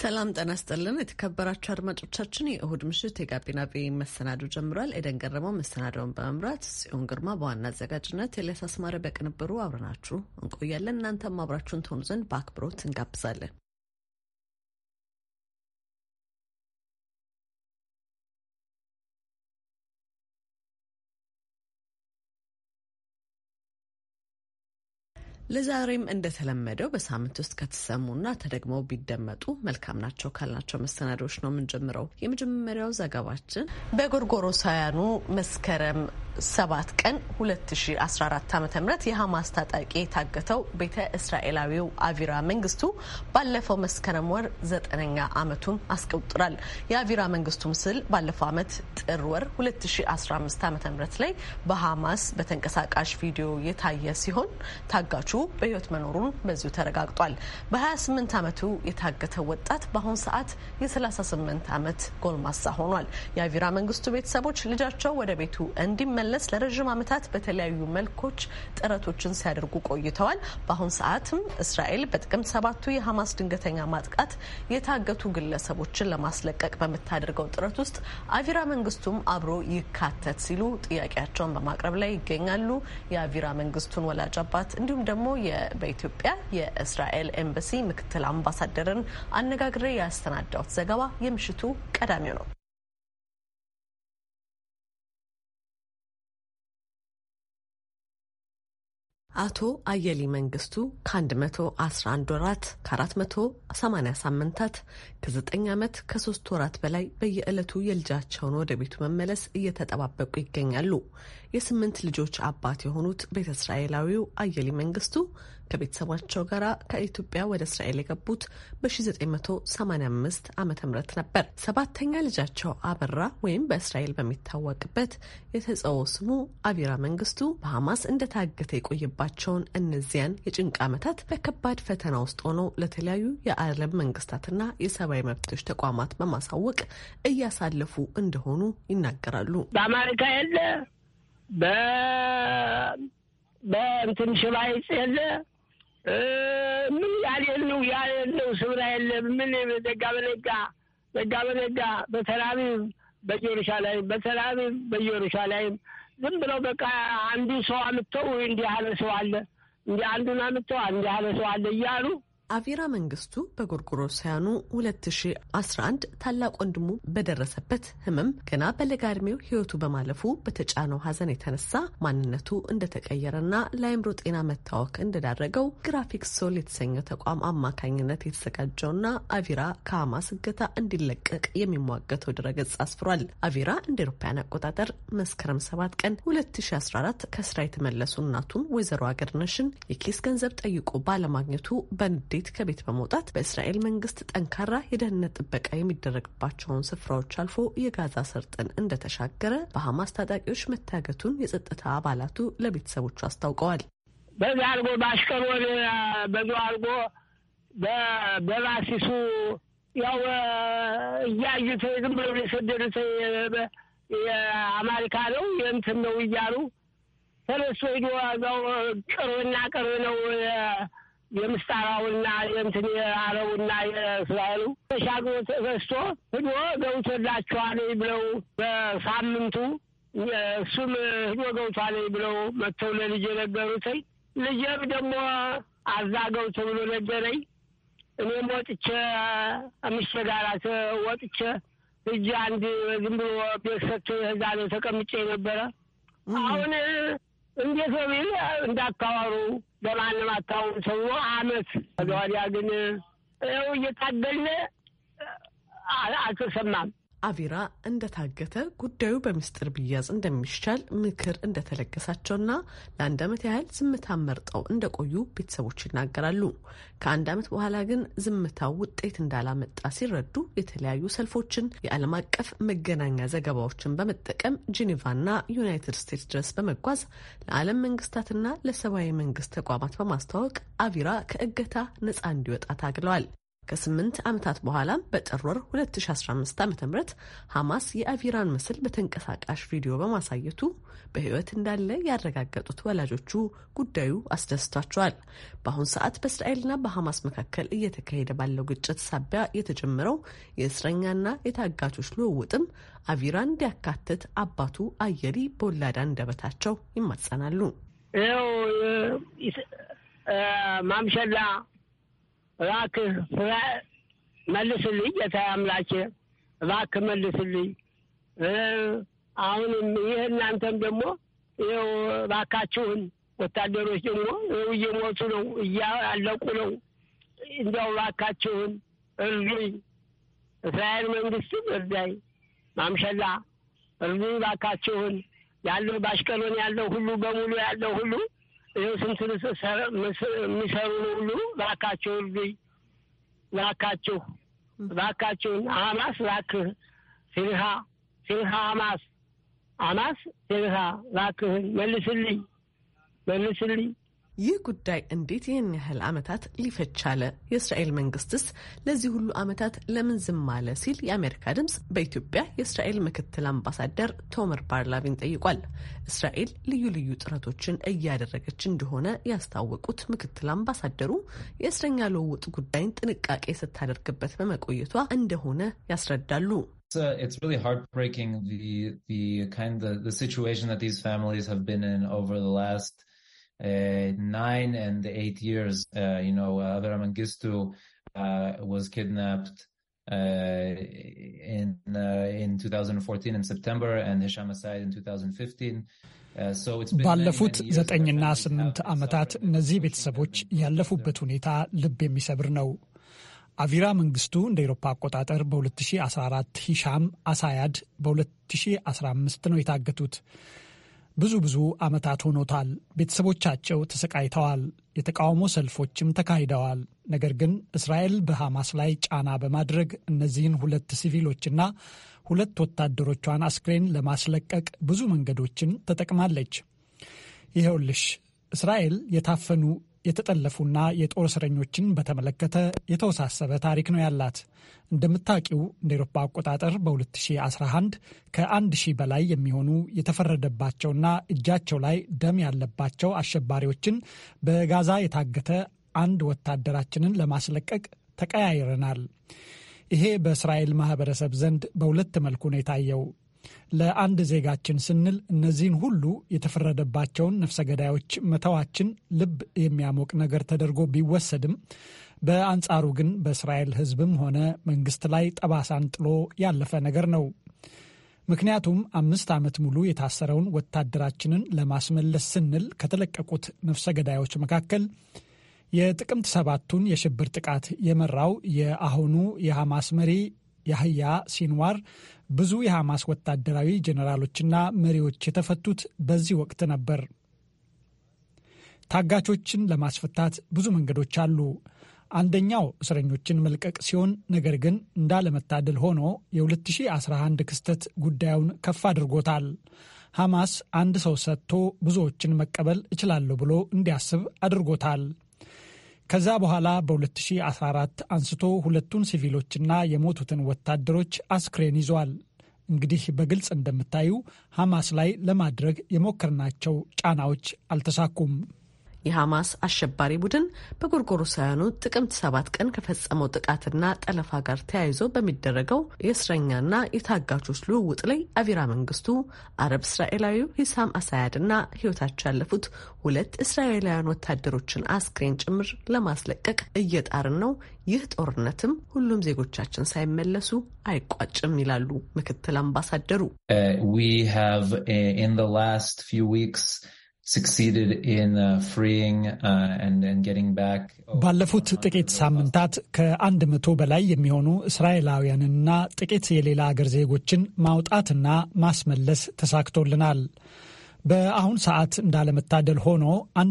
ሰላም ጤና ይስጥልን። የተከበራችሁ አድማጮቻችን የእሁድ ምሽት የጋቢና ቤ መሰናዶ ጀምሯል። ኤደን ገረመው መሰናዶውን በመምራት ጽዮን ግርማ በዋና አዘጋጅነት፣ ኤልያስ አስማረ በቅንብሩ አብረናችሁ እንቆያለን። እናንተም አብራችሁን ትሆኑ ዘንድ በአክብሮት እንጋብዛለን። ለዛሬም እንደተለመደው በሳምንት ውስጥ ከተሰሙና ተደግመው ቢደመጡ መልካም ናቸው ካልናቸው መሰናዶዎች ነው የምንጀምረው። የመጀመሪያው ዘገባችን በጎርጎሮሳውያኑ መስከረም ሰባት ቀን 2014 ዓ ም የሐማስ ታጣቂ የታገተው ቤተ እስራኤላዊው አቪራ መንግስቱ ባለፈው መስከረም ወር ዘጠነኛ ዓመቱን አስቆጥራል። የአቪራ መንግስቱ ምስል ባለፈው ዓመት ጥር ወር 2015 ዓ ም ላይ በሐማስ በተንቀሳቃሽ ቪዲዮ የታየ ሲሆን ታጋቹ በህይወት መኖሩን በዚሁ ተረጋግጧል። በ28 ዓመቱ የታገተው ወጣት በአሁኑ ሰዓት የ38 ዓመት ጎልማሳ ሆኗል። የአቪራ መንግስቱ ቤተሰቦች ልጃቸው ወደ ቤቱ እንዲመ ለመመለስ ለረዥም ዓመታት በተለያዩ መልኮች ጥረቶችን ሲያደርጉ ቆይተዋል። በአሁን ሰዓትም እስራኤል በጥቅምት ሰባቱ የሐማስ ድንገተኛ ማጥቃት የታገቱ ግለሰቦችን ለማስለቀቅ በምታደርገው ጥረት ውስጥ አቪራ መንግስቱም አብሮ ይካተት ሲሉ ጥያቄያቸውን በማቅረብ ላይ ይገኛሉ። የአቪራ መንግስቱን ወላጅ አባት እንዲሁም ደግሞ በኢትዮጵያ የእስራኤል ኤምባሲ ምክትል አምባሳደርን አነጋግሬ ያስተናዳሁት ዘገባ የምሽቱ ቀዳሚው ነው። አቶ አየሊ መንግስቱ ከ111 ወራት ከ480 ሳምንታት ከ9 ዓመት ከ3 ወራት በላይ በየዕለቱ የልጃቸውን ወደ ቤቱ መመለስ እየተጠባበቁ ይገኛሉ። የስምንት ልጆች አባት የሆኑት ቤተ እስራኤላዊው አየሊ መንግስቱ ከቤተሰባቸው ጋር ከኢትዮጵያ ወደ እስራኤል የገቡት በ1985 ዓ ም ነበር። ሰባተኛ ልጃቸው አበራ ወይም በእስራኤል በሚታወቅበት የተጸውዖ ስሙ አቢራ መንግስቱ በሐማስ እንደታገተ የቆየባቸውን እነዚያን የጭንቅ ዓመታት በከባድ ፈተና ውስጥ ሆነው ለተለያዩ የዓለም መንግስታትና የሰብአዊ መብቶች ተቋማት በማሳወቅ እያሳለፉ እንደሆኑ ይናገራሉ። በአማሪካ የለ በእንትን ሽባይጽ የለ ምን ያልየል ነው ያ የለው ስብራ የለም። ምን ደጋ በደጋ ደጋ በደጋ በተራቢም በኢየሩሳሌም በተራቢም በኢየሩሳሌም ዝም ብለው በቃ አንዱ ሰው አምጥተው እንዲህ ያለ ሰው አለ እንዲህ አንዱን አምጥተው እንዲህ ያለ ሰው አለ እያሉ አቪራ መንግስቱ በጎርጎሮሳውያኑ 2011 ታላቅ ወንድሙ በደረሰበት ህመም ገና በለጋ እድሜው ህይወቱ በማለፉ በተጫነው ሀዘን የተነሳ ማንነቱ እንደተቀየረና ለአይምሮ ጤና መታወክ እንደዳረገው ግራፊክ ሶል የተሰኘው ተቋም አማካኝነት የተዘጋጀውና አቪራ ከሀማስ እገታ እንዲለቀቅ የሚሟገተው ድረገጽ አስፍሯል። አቪራ እንደ ኤሮፓያን አቆጣጠር መስከረም 7 ቀን 2014 ከስራ የተመለሱ እናቱን ወይዘሮ አገርነሽን የኬስ ገንዘብ ጠይቆ ባለማግኘቱ በንዴ ሌሊት ከቤት በመውጣት በእስራኤል መንግስት ጠንካራ የደህንነት ጥበቃ የሚደረግባቸውን ስፍራዎች አልፎ የጋዛ ሰርጥን እንደተሻገረ በሐማስ ታጣቂዎች መታገቱን የጸጥታ አባላቱ ለቤተሰቦቹ አስታውቀዋል። በዛ አድርጎ በአሽቀር ወደ አድርጎ በላሲሱ ያው እያዩት ዝም ብለው የሰደዱት የአማሪካ ነው የእንትን ነው እያሉ ተነስቶ ሄዶ እዛው ቅርብና ቅርብ ነው የምስጣራውና የምትን የአረቡና የእስራኤሉ ሻግ በስቶ ህዶ ገብቶላቸዋል ብለው በሳምንቱ እሱም ህዶ ገብቷል ብለው መጥተው ለልጅ የነገሩትኝ ልጄም ደግሞ አዛ ገብቶ ብሎ ነገረኝ። እኔም ወጥቼ አምስቴ ጋራት ወጥቼ እጅ አንድ ዝም ብሎ ቤት ሰጥቶ እዛ ነው ተቀምጬ ነበረ። አሁን እንዴት ነው ቢል እንዳካዋሩ በማንም አታውን ሰው አመት ከዚያ ወዲያ ግን ይኸው እየታገልን አልተሰማም። አቪራ እንደታገተ ጉዳዩ በምስጢር ቢያዝ እንደሚሻል ምክር እንደተለገሳቸውና ለአንድ ዓመት ያህል ዝምታን መርጠው እንደቆዩ ቤተሰቦች ይናገራሉ። ከአንድ ዓመት በኋላ ግን ዝምታው ውጤት እንዳላመጣ ሲረዱ የተለያዩ ሰልፎችን፣ የዓለም አቀፍ መገናኛ ዘገባዎችን በመጠቀም ጄኔቫና ዩናይትድ ስቴትስ ድረስ በመጓዝ ለዓለም መንግስታትና ለሰብአዊ መንግስት ተቋማት በማስተዋወቅ አቪራ ከእገታ ነጻ እንዲወጣ ታግለዋል። ከስምንት ዓመታት በኋላ በጥር ወር 2015 ዓ ም ሐማስ የአቪራን ምስል በተንቀሳቃሽ ቪዲዮ በማሳየቱ በሕይወት እንዳለ ያረጋገጡት ወላጆቹ ጉዳዩ አስደስቷቸዋል። በአሁኑ ሰዓት በእስራኤልና በሐማስ መካከል እየተካሄደ ባለው ግጭት ሳቢያ የተጀመረው የእስረኛና የታጋቾች ልውውጥም አቪራን እንዲያካትት አባቱ አየሪ በወላዳ እንደበታቸው ይማጸናሉ። ማምሸላ እባክህ ፍራ መልስልኝ፣ ጌታ አምላኬ እባክህ መልስልኝ። አሁንም ይህ እናንተም ደግሞ ይኸው እባካችሁን ወታደሮች ደግሞ እየሞቱ ነው፣ እያለቁ ነው። እንዲያው እባካችሁን እርዱኝ፣ እስራኤል መንግስትም እርዳይ፣ ማምሸላ እርዱኝ እባካችሁን። ያለው ባሽቀሎን ያለው ሁሉ በሙሉ ያለው ሁሉ ይኸው ስንት የሚሰሩ ነው ሁሉ ላካቸው እርዱኝ፣ ላካችሁ፣ ላካችሁን አማስ ላክህ ፊልሃ ፊልሃ አማስ አማስ ፊልሃ ላክህን መልስልኝ፣ መልስልኝ ይህ ጉዳይ እንዴት ይህን ያህል ዓመታት ሊፈች አለ? የእስራኤል መንግስትስ ለዚህ ሁሉ ዓመታት ለምን ዝም አለ? ሲል የአሜሪካ ድምፅ በኢትዮጵያ የእስራኤል ምክትል አምባሳደር ቶመር ባርላቪን ጠይቋል። እስራኤል ልዩ ልዩ ጥረቶችን እያደረገች እንደሆነ ያስታወቁት ምክትል አምባሳደሩ የእስረኛ ልውውጥ ጉዳይን ጥንቃቄ ስታደርግበት በመቆየቷ እንደሆነ ያስረዳሉ። it's really heartbreaking the the kind of the situation that these families have been in over the last nine and eight years. uh, you know, Avera Mengistu was kidnapped uh, in uh, in 2014 in September and Hisham Asad in 2015. ባለፉት ዘጠኝና ስምንት ዓመታት እነዚህ ቤተሰቦች ያለፉበት ሁኔታ ልብ የሚሰብር ነው። አቪራ መንግስቱ እንደ ኤሮፓ አቆጣጠር በ2014 ሂሻም አሳያድ በ2015 ነው የታገቱት። ብዙ ብዙ ዓመታት ሆኖታል። ቤተሰቦቻቸው ተሰቃይተዋል። የተቃውሞ ሰልፎችም ተካሂደዋል። ነገር ግን እስራኤል በሐማስ ላይ ጫና በማድረግ እነዚህን ሁለት ሲቪሎችና ሁለት ወታደሮቿን አስክሬን ለማስለቀቅ ብዙ መንገዶችን ተጠቅማለች። ይኸውልሽ እስራኤል የታፈኑ የተጠለፉና የጦር እስረኞችን በተመለከተ የተወሳሰበ ታሪክ ነው ያላት። እንደምታውቂው እንደ ኤሮፓ አቆጣጠር በ2011 ከ1000 በላይ የሚሆኑ የተፈረደባቸውና እጃቸው ላይ ደም ያለባቸው አሸባሪዎችን በጋዛ የታገተ አንድ ወታደራችንን ለማስለቀቅ ተቀያይረናል። ይሄ በእስራኤል ማህበረሰብ ዘንድ በሁለት መልኩ ነው የታየው። ለአንድ ዜጋችን ስንል እነዚህን ሁሉ የተፈረደባቸውን ነፍሰ ገዳዮች መተዋችን ልብ የሚያሞቅ ነገር ተደርጎ ቢወሰድም በአንጻሩ ግን በእስራኤል ሕዝብም ሆነ መንግስት ላይ ጠባሳን ጥሎ ያለፈ ነገር ነው። ምክንያቱም አምስት ዓመት ሙሉ የታሰረውን ወታደራችንን ለማስመለስ ስንል ከተለቀቁት ነፍሰ ገዳዮች መካከል የጥቅምት ሰባቱን የሽብር ጥቃት የመራው የአሁኑ የሐማስ መሪ ያህያ ሲንዋር ብዙ የሐማስ ወታደራዊ ጀኔራሎችና መሪዎች የተፈቱት በዚህ ወቅት ነበር። ታጋቾችን ለማስፈታት ብዙ መንገዶች አሉ። አንደኛው እስረኞችን መልቀቅ ሲሆን፣ ነገር ግን እንዳለመታደል ሆኖ የ2011 ክስተት ጉዳዩን ከፍ አድርጎታል። ሐማስ አንድ ሰው ሰጥቶ ብዙዎችን መቀበል እችላለሁ ብሎ እንዲያስብ አድርጎታል። ከዛ በኋላ በ2014 አንስቶ ሁለቱን ሲቪሎችና የሞቱትን ወታደሮች አስክሬን ይዟል። እንግዲህ በግልጽ እንደምታዩ ሐማስ ላይ ለማድረግ የሞከርናቸው ጫናዎች አልተሳኩም። የሐማስ አሸባሪ ቡድን በጎርጎሮሳውያኑ ጥቅምት ሰባት ቀን ከፈጸመው ጥቃትና ጠለፋ ጋር ተያይዞ በሚደረገው የእስረኛና የታጋቾች ልውውጥ ላይ አቪራ መንግስቱ፣ አረብ እስራኤላዊው ሂሳም አሳያድና ህይወታቸው ያለፉት ሁለት እስራኤላውያን ወታደሮችን አስክሬን ጭምር ለማስለቀቅ እየጣርን ነው። ይህ ጦርነትም ሁሉም ዜጎቻችን ሳይመለሱ አይቋጭም ይላሉ ምክትል አምባሳደሩ። uh, Uh, uh, ባለፉት ጥቂት ሳምንታት ከአንድ መቶ በላይ የሚሆኑ እስራኤላውያንና ጥቂት የሌላ አገር ዜጎችን ማውጣትና ማስመለስ ተሳክቶልናል። በአሁን ሰዓት እንዳለመታደል ሆኖ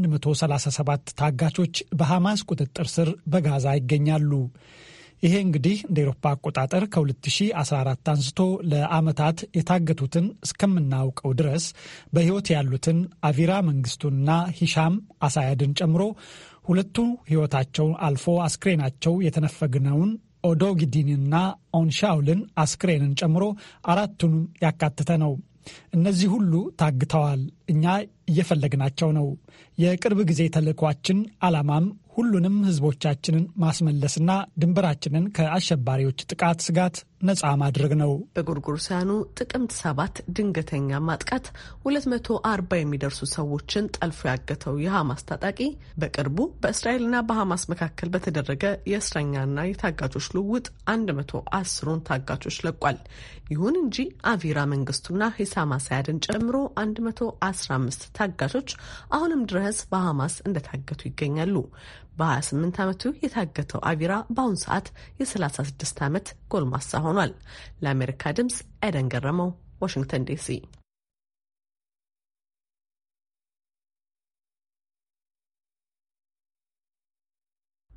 137 ታጋቾች በሐማስ ቁጥጥር ስር በጋዛ ይገኛሉ። ይሄ እንግዲህ እንደ ኤሮፓ አቆጣጠር ከ2014 አንስቶ ለአመታት የታገቱትን እስከምናውቀው ድረስ በህይወት ያሉትን አቪራ መንግስቱንና ሂሻም አሳያድን ጨምሮ ሁለቱ ህይወታቸው አልፎ አስክሬናቸው የተነፈግነውን ኦዶጊዲንና ኦንሻውልን አስክሬንን ጨምሮ አራቱን ያካተተ ነው። እነዚህ ሁሉ ታግተዋል። እኛ እየፈለግናቸው ነው። የቅርብ ጊዜ ተልእኳችን ዓላማም ሁሉንም ህዝቦቻችንን ማስመለስና ድንበራችንን ከአሸባሪዎች ጥቃት ስጋት ነጻ ማድረግ ነው። በጎርጎሮሳውያኑ ጥቅምት ሰባት ድንገተኛ ማጥቃት 240 የሚደርሱ ሰዎችን ጠልፎ ያገተው የሐማስ ታጣቂ በቅርቡ በእስራኤልና በሐማስ መካከል በተደረገ የእስረኛና የታጋቾች ልውውጥ 110 ሩን ታጋቾች ለቋል። ይሁን እንጂ አቪራ መንግስቱና ሂሳማ ሳያድን ጨምሮ 115 ታጋቾች አሁንም ድረስ በሐማስ እንደታገቱ ይገኛሉ። በ28 ዓመቱ የታገተው አቢራ በአሁኑ ሰዓት የ36 ዓመት ጎልማሳ ሆኗል። ለአሜሪካ ድምፅ ኤደን ገረመው፣ ዋሽንግተን ዲሲ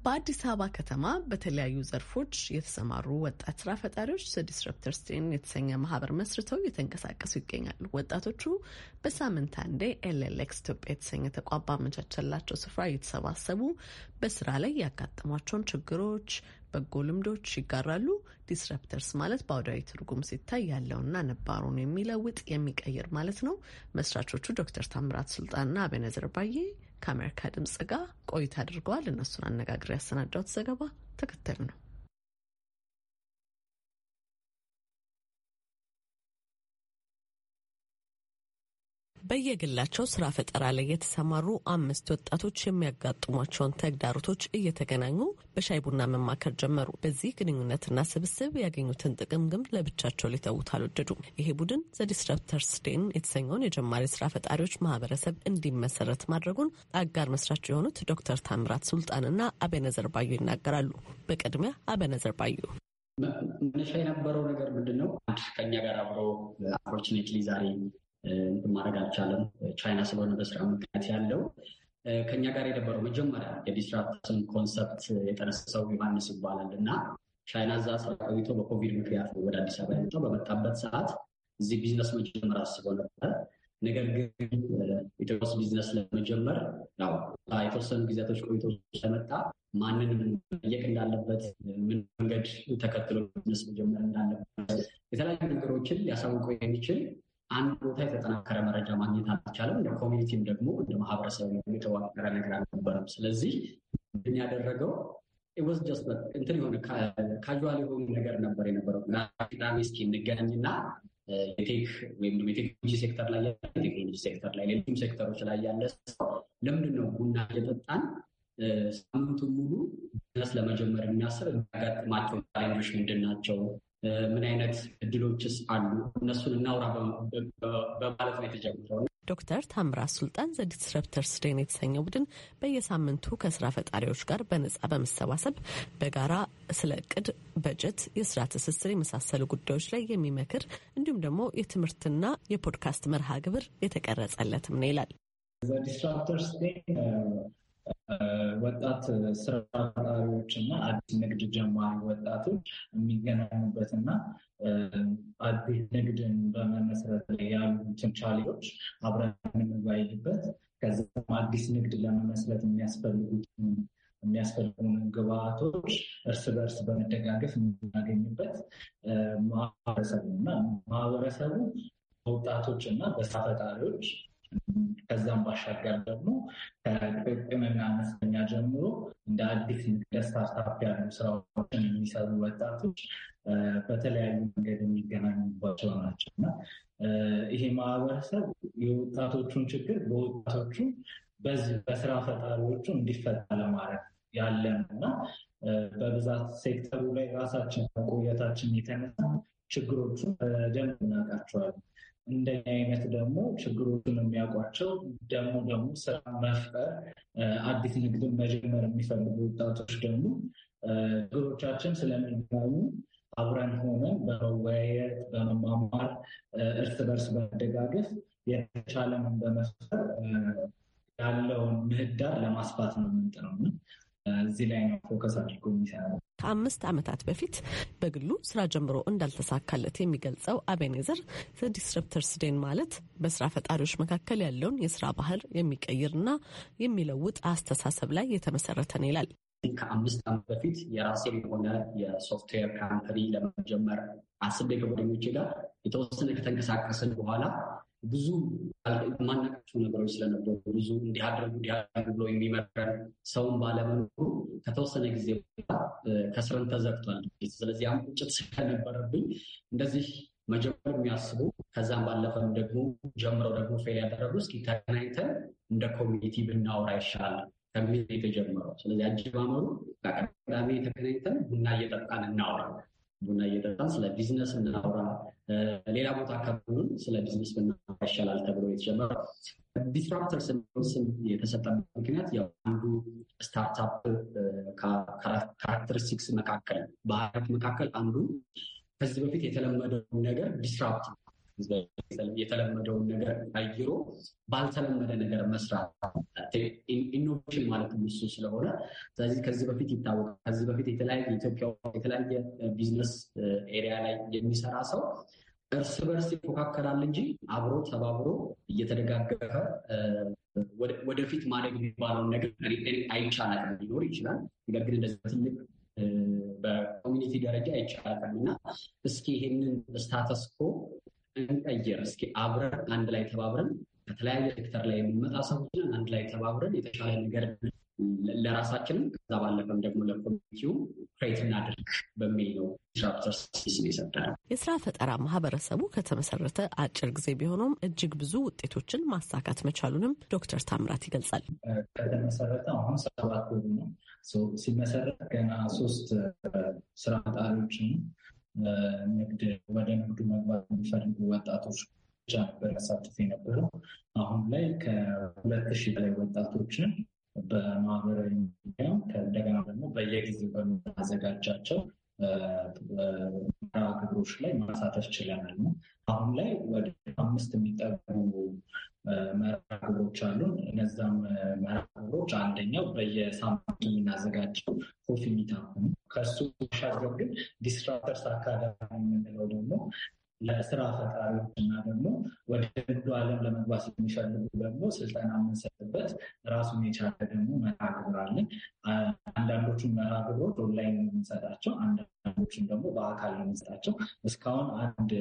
በአዲስ አበባ ከተማ በተለያዩ ዘርፎች የተሰማሩ ወጣት ስራ ፈጣሪዎች ዲስረፕተርስ የተሰኘ ማህበር መስርተው እየተንቀሳቀሱ ይገኛሉ። ወጣቶቹ በሳምንት አንዴ ኤልኤልኤክስ ኢትዮጵያ የተሰኘ ተቋም ባመቻቸላቸው ስፍራ እየተሰባሰቡ በስራ ላይ ያጋጠሟቸውን ችግሮች፣ በጎ ልምዶች ይጋራሉ። ዲስረፕተርስ ማለት በአውዳዊ ትርጉም ሲታይ ያለውና ነባሩን የሚለውጥ የሚቀይር ማለት ነው። መስራቾቹ ዶክተር ታምራት ሱልጣንና አቤነዘር ባዬ ከአሜሪካ ድምጽ ጋር ቆይታ አድርገዋል። እነሱን አነጋግሬ ያሰናዳሁት ዘገባ ተከታዩ ነው። በየግላቸው ስራ ፈጠራ ላይ የተሰማሩ አምስት ወጣቶች የሚያጋጥሟቸውን ተግዳሮቶች እየተገናኙ በሻይ ቡና መማከር ጀመሩ። በዚህ ግንኙነትና ስብስብ ያገኙትን ጥቅም ግን ለብቻቸው ሊተዉት አልወደዱም። ይሄ ቡድን ዘዲስረፕተርስ ዴን የተሰኘውን የጀማሪ ስራ ፈጣሪዎች ማህበረሰብ እንዲመሰረት ማድረጉን አጋር መስራች የሆኑት ዶክተር ታምራት ሱልጣንና አቤነዘር ባዩ ይናገራሉ። በቅድሚያ አቤነዘር ባዩ መነሻ የነበረው ነገር ምንድን ነው? አንድ ከኛ ጋር አብሮ አፖርቹኒቲ ዛሬ እንትን ማድረግ አልቻለም። ቻይና ስለሆነ በስራ ምክንያት ያለው ከኛ ጋር የነበረው መጀመሪያ የዲስትራክሽን ኮንሰፕት የጠነሰሰው ዮሐንስ ይባላል እና ቻይና እዛ ስራ ቆይቶ በኮቪድ ምክንያት ወደ አዲስ አበባ ያመጣው። በመጣበት ሰዓት እዚህ ቢዝነስ መጀመር አስቦ ነበር። ነገር ግን ኢትዮጵያ ውስጥ ቢዝነስ ለመጀመር ያው የተወሰኑ ጊዜያቶች ቆይቶ ስለመጣ ማንን መጠየቅ እንዳለበት፣ ምን መንገድ ተከትሎ ቢዝነስ መጀመር እንዳለበት የተለያዩ ነገሮችን ሊያሳውቀው የሚችል አንድ ቦታ የተጠናከረ መረጃ ማግኘት አልቻለም። እንደ ኮሚኒቲም ደግሞ እንደ ማህበረሰብ የተዋቀረ ነገር አልነበረም። ስለዚህ ግን ያደረገው ወስ እንትን የሆነ ካዋል የሆኑ ነገር ነበር የነበረው። ቅዳሜ እስኪ እንገናኝና የቴክ ወይም ደግሞ የቴክኖሎጂ ሴክተር ላይ ያለ ቴክኖሎጂ ሴክተር ላይ ሌሎችም ሴክተሮች ላይ ያለ ሰው ለምንድን ነው ቡና እየጠጣን ሳምንቱን ሙሉ ነስ ለመጀመር የሚያስብ የሚያጋጥማቸው ቻሌንጆች ምንድን ናቸው? ምን አይነት እድሎችስ አሉ እነሱን እናውራ በማለት ነው የተጀመረው። ዶክተር ታምራ ሱልጣን ዘዲስረፕተርስ ደን የተሰኘው ቡድን በየሳምንቱ ከስራ ፈጣሪዎች ጋር በነጻ በመሰባሰብ በጋራ ስለ እቅድ፣ በጀት፣ የስራ ትስስር የመሳሰሉ ጉዳዮች ላይ የሚመክር እንዲሁም ደግሞ የትምህርትና የፖድካስት መርሃ ግብር የተቀረጸለትም ነው ይላል። ዘዲስራፕተርስ ወጣት ስራ ፈጣሪዎች እና አዲስ ንግድ ጀማሪ ወጣቶች የሚገናኙበት እና አዲስ ንግድን በመመስረት ላይ ያሉትን ቻሌዎች አብረን የምንወያይበት ከዚም አዲስ ንግድ ለመመስረት የሚያስፈልጉትን የሚያስፈልጉን ግብአቶች እርስ በእርስ በመደጋገፍ የምናገኝበት ማህበረሰቡ እና ማህበረሰቡ በወጣቶች እና በስራ ፈጣሪዎች ከዛም ባሻገር ደግሞ ከቅቅምና አነስተኛ ጀምሮ እንደ አዲስ እንደ ስታርታፕ ያሉ ስራዎችን የሚሰሩ ወጣቶች በተለያዩ መንገድ የሚገናኙባቸው ናቸው እና ይሄ ማህበረሰብ የወጣቶቹን ችግር በወጣቶቹ በስራ ፈጣሪዎቹ እንዲፈታ ለማድረግ ያለን እና በብዛት ሴክተሩ ላይ ራሳችን መቆየታችን የተነሳ ችግሮቹ በደንብ እናውቃቸዋለን። እንደኛ አይነት ደግሞ ችግሮችን የሚያውቋቸው ደግሞ ደግሞ ስራ መፍጠር አዲስ ንግድን መጀመር የሚፈልጉ ወጣቶች ደግሞ ችግሮቻችን ስለሚገኙ አብረን ሆነን በመወያየት በመማማር እርስ በርስ በመደጋገፍ የተቻለምን በመፍጠር ያለውን ምህዳር ለማስፋት ነው የምንጥረው። እዚህ ላይ ነው ፎከስ አድርጎ የሚሰራው። ከአምስት ዓመታት በፊት በግሉ ስራ ጀምሮ እንዳልተሳካለት የሚገልጸው አቤኔዘር ዘዲስረፕተርስ ዴን ማለት በስራ ፈጣሪዎች መካከል ያለውን የስራ ባህል የሚቀይርና የሚለውጥ አስተሳሰብ ላይ የተመሰረተ ነው ይላል። ከአምስት ዓመት በፊት የራሴ የሆነ የሶፍትዌር ካምፕኒ ለመጀመር አስቤ ከጓደኞቼ ጋር የተወሰነ ከተንቀሳቀስን በኋላ ብዙ ማናቃቸው ነገሮች ስለነበሩ ብዙ እንዲያደርጉ እንዲያደርጉ ብሎ የሚመከር ሰውን ባለመኖሩ ከተወሰነ ጊዜ ከስረን ተዘግቷል። ስለዚህ አሁን ቁጭት ስለነበረብኝ እንደዚህ መጀመር የሚያስቡ ከዛም ባለፈም ደግሞ ጀምረው ደግሞ ፌል ያደረጉ እስኪ ተገናኝተን እንደ ኮሚኒቲ ብናወራ ይሻላል ከሚል የተጀመረው። ስለዚህ አጀማመሩ ቅዳሜ ተገናኝተን ቡና እየጠጣን እናወራለን ቡና እየጠጣን ስለ ቢዝነስ እናውራ፣ ሌላ ቦታ አካባቢውን ስለ ቢዝነስ ይሻላል ተብሎ የተጀመረ ዲስራፕተርስ ስም የተሰጠበት ምክንያት ያው አንዱ ስታርታፕ ካራክተሪስቲክስ መካከል ባህሪያት መካከል አንዱ ከዚህ በፊት የተለመደውን ነገር ዲስራፕት የተለመደውን ነገር አይሮ ባልተለመደ ነገር መስራት ኢኖቬሽን ማለት እሱ ስለሆነ፣ ስለዚህ ከዚህ በፊት ይታወቃል። ከዚህ በፊት የተለያየ ኢትዮጵያ የተለያየ ቢዝነስ ኤሪያ ላይ የሚሰራ ሰው እርስ በርስ ይፎካከራል እንጂ አብሮ ተባብሮ እየተደጋገፈ ወደፊት ማደግ የሚባለውን ነገር አይቻላል ሊኖር ይችላል። ነገር ግን እንደዚህ ትልቅ በኮሚኒቲ ደረጃ አይቻላል እና እስኪ ይሄንን ስታተስኮ እንቀይር እስኪ አብረን አንድ ላይ ተባብረን ከተለያየ ሴክተር ላይ የምንመጣ ሰዎችን አንድ ላይ ተባብረን የተሻለ ነገር ለራሳችንም ከዛ ባለፈም ደግሞ ለኮሚኒቲው ክሬት እናድርግ በሚል ነው ዲስራፕተር ስም የስራ ፈጠራ ማህበረሰቡ ከተመሰረተ አጭር ጊዜ ቢሆኖም እጅግ ብዙ ውጤቶችን ማሳካት መቻሉንም ዶክተር ታምራት ይገልጻል። ከተመሰረተ አሁን ሰባት ነው። ሲመሰረት ገና ሶስት ስራ ፈጣሪዎችን ንግድ ወደ ንግዱ መግባት የሚፈልጉ ወጣቶች ብቻ ነበር ያሳትፍ የነበረው። አሁን ላይ ከሁለት ሺህ በላይ ወጣቶችን በማህበራዊ ሚዲያ ከእንደገና ደግሞ በየጊዜው በምናዘጋጃቸው ግብሮች ላይ ማሳተፍ ችለናል ነው። አሁን ላይ ወደ አምስት የሚጠጉ መርሃ ግብሮች አሉን። እነዛም መርሃ ግብሮች አንደኛው በየሳምንቱ የምናዘጋጀው ኮፊ ሚታፕ ነው። ከሱ ሻገር ግን ዲስራፕተርስ አካዳሚ የምንለው ደግሞ ለስራ ፈጣሪዎች እና ደግሞ ወደ ንግዱ ዓለም ለመግባት የሚፈልጉ ደግሞ ስልጠና የምንሰጥበት ራሱን የቻለ ደግሞ መርሃ ግብር አለ። አንዳንዶቹን መርሃ ኦንላይን የምንሰጣቸው፣ አንዳንዶቹን ደግሞ በአካል የምንሰጣቸው። እስካሁን አንድ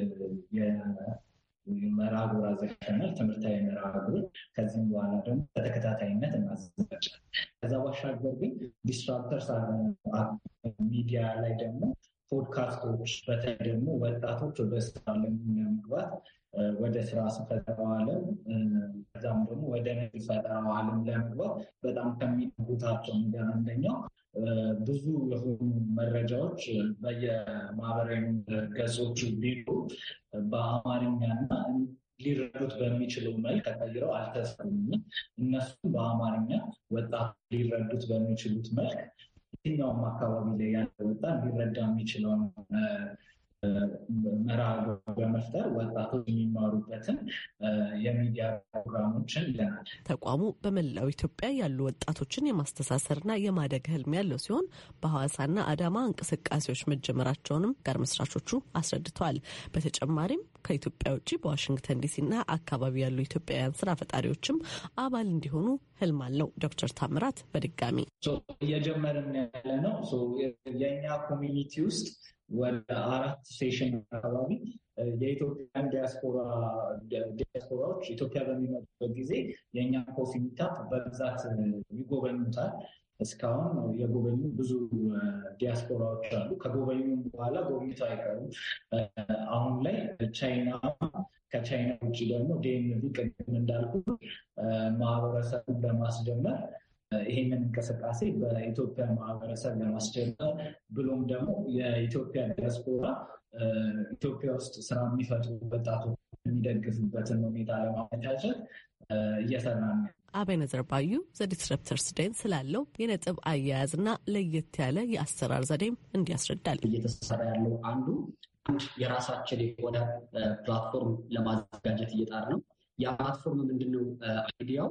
መርሃ ግብር አዘጋጅተናል። ትምህርታዊ መርሃ ግብር ከዚህም በኋላ ደግሞ በተከታታይነት እናዘጋጃለን። ከዛ ባሻገር ግን ዲስትራክተርስ ሚዲያ ላይ ደግሞ ፖድካስቶች በተለይ ደግሞ ወጣቶች ወደ ስራ ለመግባት ወደ ስራ ፈጠራው ዓለም ከዛም ደግሞ ወደ ንግድ ፈጠራው ዓለም ለመግባት በጣም ከሚጠጉታቸው ነገር አንደኛው ብዙ የሆኑ መረጃዎች በየማህበራዊ ገጾች ቢሉ በአማርኛና ሊረዱት በሚችለው መልክ ተቀይረው አልተሰሩም። እነሱም በአማርኛ ወጣት ሊረዱት በሚችሉት መልክ የትኛውም አካባቢ ላይ ያለ ወጣት ሊረዳ የሚችለውን ምዕራብ በመፍጠር ወጣቶች የሚማሩበትን የሚዲያ ፕሮግራሞችን ይለናል። ተቋሙ በመላው ኢትዮጵያ ያሉ ወጣቶችን የማስተሳሰርና የማደግ ህልም ያለው ሲሆን በሐዋሳና አዳማ እንቅስቃሴዎች መጀመራቸውንም ጋር መስራቾቹ አስረድተዋል። በተጨማሪም ከኢትዮጵያ ውጭ በዋሽንግተን ዲሲና አካባቢ ያሉ ኢትዮጵያውያን ስራ ፈጣሪዎችም አባል እንዲሆኑ ህልም አለው። ዶክተር ታምራት በድጋሚ እየጀመርን ያለ ነው የእኛ ኮሚኒቲ ውስጥ ወደ አራት ሴሽን አካባቢ የኢትዮጵያን ዲያስፖራዎች ኢትዮጵያ በሚመጡበት ጊዜ የእኛ ኮፊ ሚታፕ በብዛት ይጎበኙታል። እስካሁን የጎበኙ ብዙ ዲያስፖራዎች አሉ። ከጎበኙም በኋላ ጎብኝቶ አይቀሩም። አሁን ላይ ቻይና፣ ከቻይና ውጭ ደግሞ ዴንቪ ቅድም እንዳልኩ ማህበረሰቡን ለማስጀመር ይህንን እንቅስቃሴ በኢትዮጵያ ማህበረሰብ ለማስጀመር ብሎም ደግሞ የኢትዮጵያ ዲያስፖራ ኢትዮጵያ ውስጥ ስራ የሚፈጥሩ ወጣቶች የሚደግፍበትን ሁኔታ ለማመቻቸት እየሰራ ነው። አቤነዘር ባዩ ዘዲስረፕተርስ ደን ስላለው የነጥብ አያያዝ አያያዝና ለየት ያለ የአሰራር ዘዴም እንዲያስረዳል። እየተሰራ ያለው አንዱ አንድ የራሳችን የሆነ ፕላትፎርም ለማዘጋጀት እየጣር ነው። ያ ፕላትፎርም ምንድነው? አይዲያው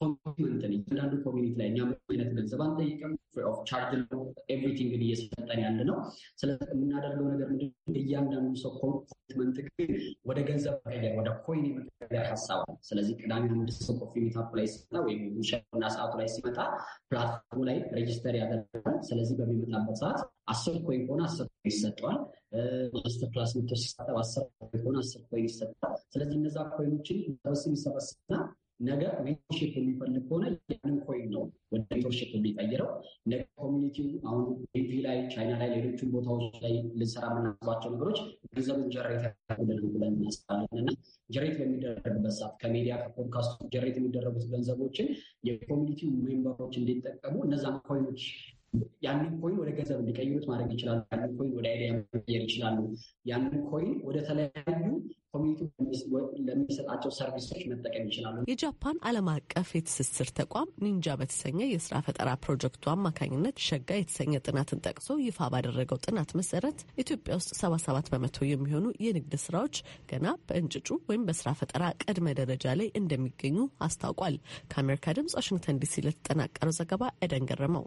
ኮሚትመንት እያንዳንዱ ኮሚኒቲ ላይ እኛ ምንም አይነት ገንዘብ አንጠይቅም። ፍሪ ኦፍ ቻርጅ ነው ኤቭሪቲንግ እየሰጠን ያለ ነው። ስለዚህ የምናደርገው ነገር ምንድን እያንዳንዱ ሰው ኮሚትመንት ግን ወደ ገንዘብ መቀየር ወደ ኮይን የመቀየር ሀሳብ አለ። ስለዚህ ቅዳሜ አንድ ሰው ኮፊ ሚታፕ ላይ ሲመጣ ወይም የሚሸና ሰዓቱ ላይ ሲመጣ ፕላትፎርሙ ላይ ሬጅስተር ያደርጋል። ስለዚህ በሚመጣበት ሰዓት አስር ኮይን ከሆነ አስር ኮይን ይሰጠዋል። ማስተር ክላስ መቶ ሲሳተፍ አስር ኮይን ከሆነ አስር ኮይን ይሰጠዋል። ስለዚህ እነዛ ኮይኖችን ሰበስብ ይሰበስብና ነገ ሜንቶርሽፕ የሚፈልግ ከሆነ ያንን ኮይን ነው ወደ ሜንቶርሺፕ የሚቀይረው። ነገ ኮሚኒቲው አሁን ቪ ላይ፣ ቻይና ላይ፣ ሌሎችን ቦታዎች ላይ ልንሰራ የምናስባቸው ነገሮች ገንዘብ ጀሬት ያደርጉልን ብለን እናስባለን እና ጀሬት በሚደረግበት ሰዓት ከሚዲያ ከፖድካስቱ ጀሬት የሚደረጉት ገንዘቦችን የኮሚኒቲው ሜምበሮች እንዲጠቀሙ እነዛን ኮይኖች ያንን ኮይን ወደ ገንዘብ እንዲቀይሩት ማድረግ ይችላሉ። ያንን ኮይን ወደ አይዲያ መቀየር ይችላሉ። ያንን ኮይን ወደ ተለያዩ ለሚሰጣቸው ሰርቪሶች መጠቀም ይችላሉ። የጃፓን ዓለም አቀፍ የትስስር ተቋም ኒንጃ በተሰኘ የስራ ፈጠራ ፕሮጀክቱ አማካኝነት ሸጋ የተሰኘ ጥናትን ጠቅሶ ይፋ ባደረገው ጥናት መሰረት ኢትዮጵያ ውስጥ 77 በመቶ የሚሆኑ የንግድ ስራዎች ገና በእንጭጩ ወይም በስራ ፈጠራ ቅድመ ደረጃ ላይ እንደሚገኙ አስታውቋል። ከአሜሪካ ድምጽ ዋሽንግተን ዲሲ ለተጠናቀረው ዘገባ ኤደን ገረመው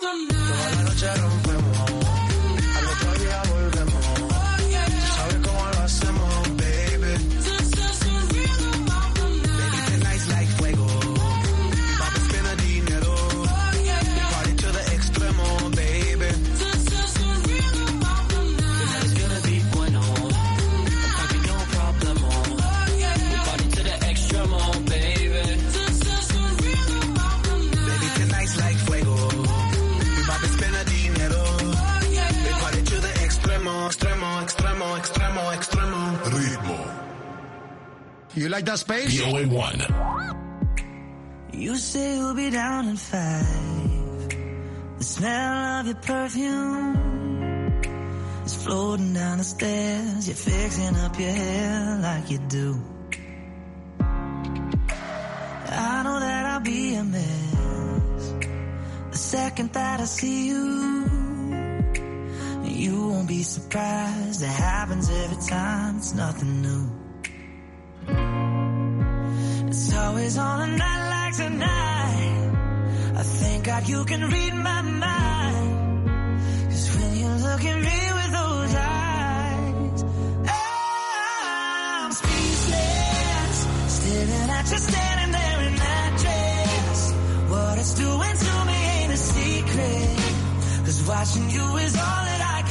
the night. extremo, extremo. Ritmo. You like that space? The only one. You say you'll be down in five. The smell of your perfume is floating down the stairs. You're fixing up your hair like you do. I know that I'll be a mess the second that I see you be surprised. It happens every time. It's nothing new. It's always on a night like tonight. I thank God you can read my mind. Cause when you look at me with those eyes, I'm speechless. Staring at you standing there in that dress. What it's doing to me ain't a secret. Cause watching you is all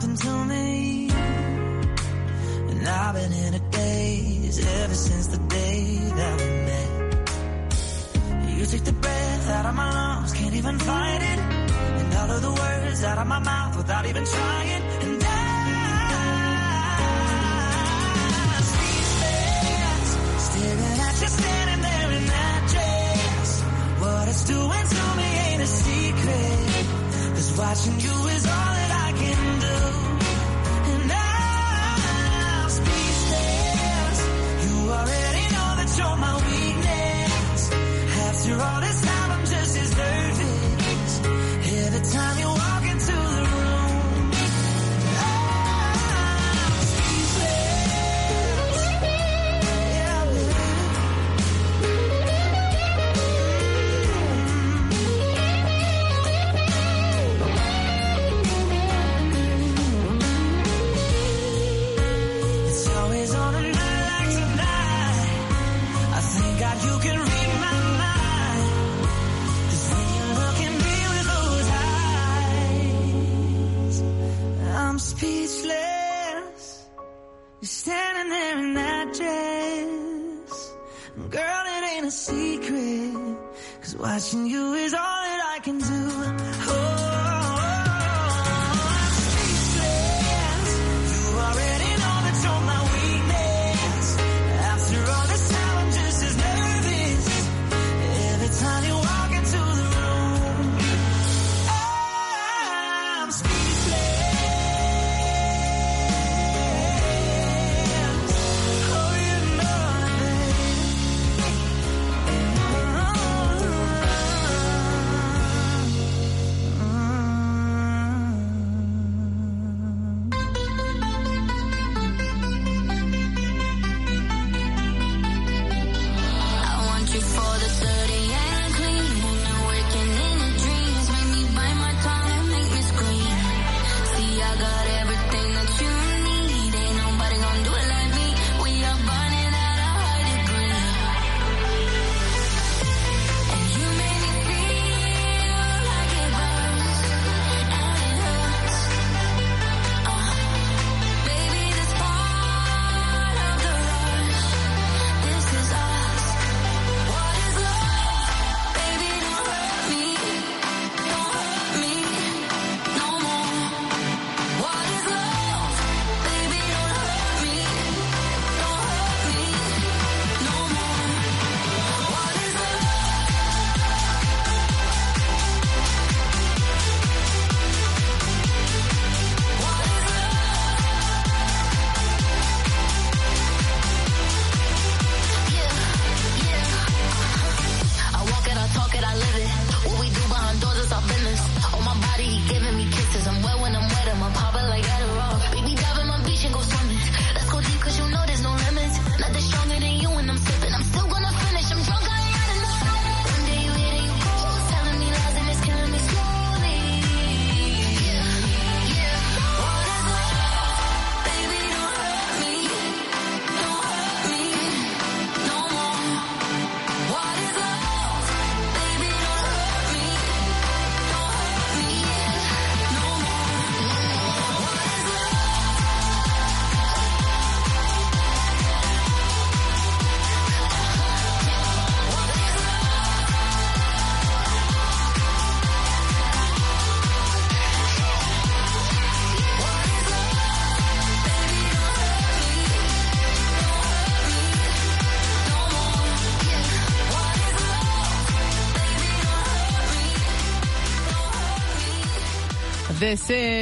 something to me. And I've been in a daze ever since the day that we met. You took the breath out of my lungs, can't even fight it. And all of the words out of my mouth without even trying. And I, speechless, staring at you standing there in that dress. What it's doing to me ain't a secret. Cause watching you is all is.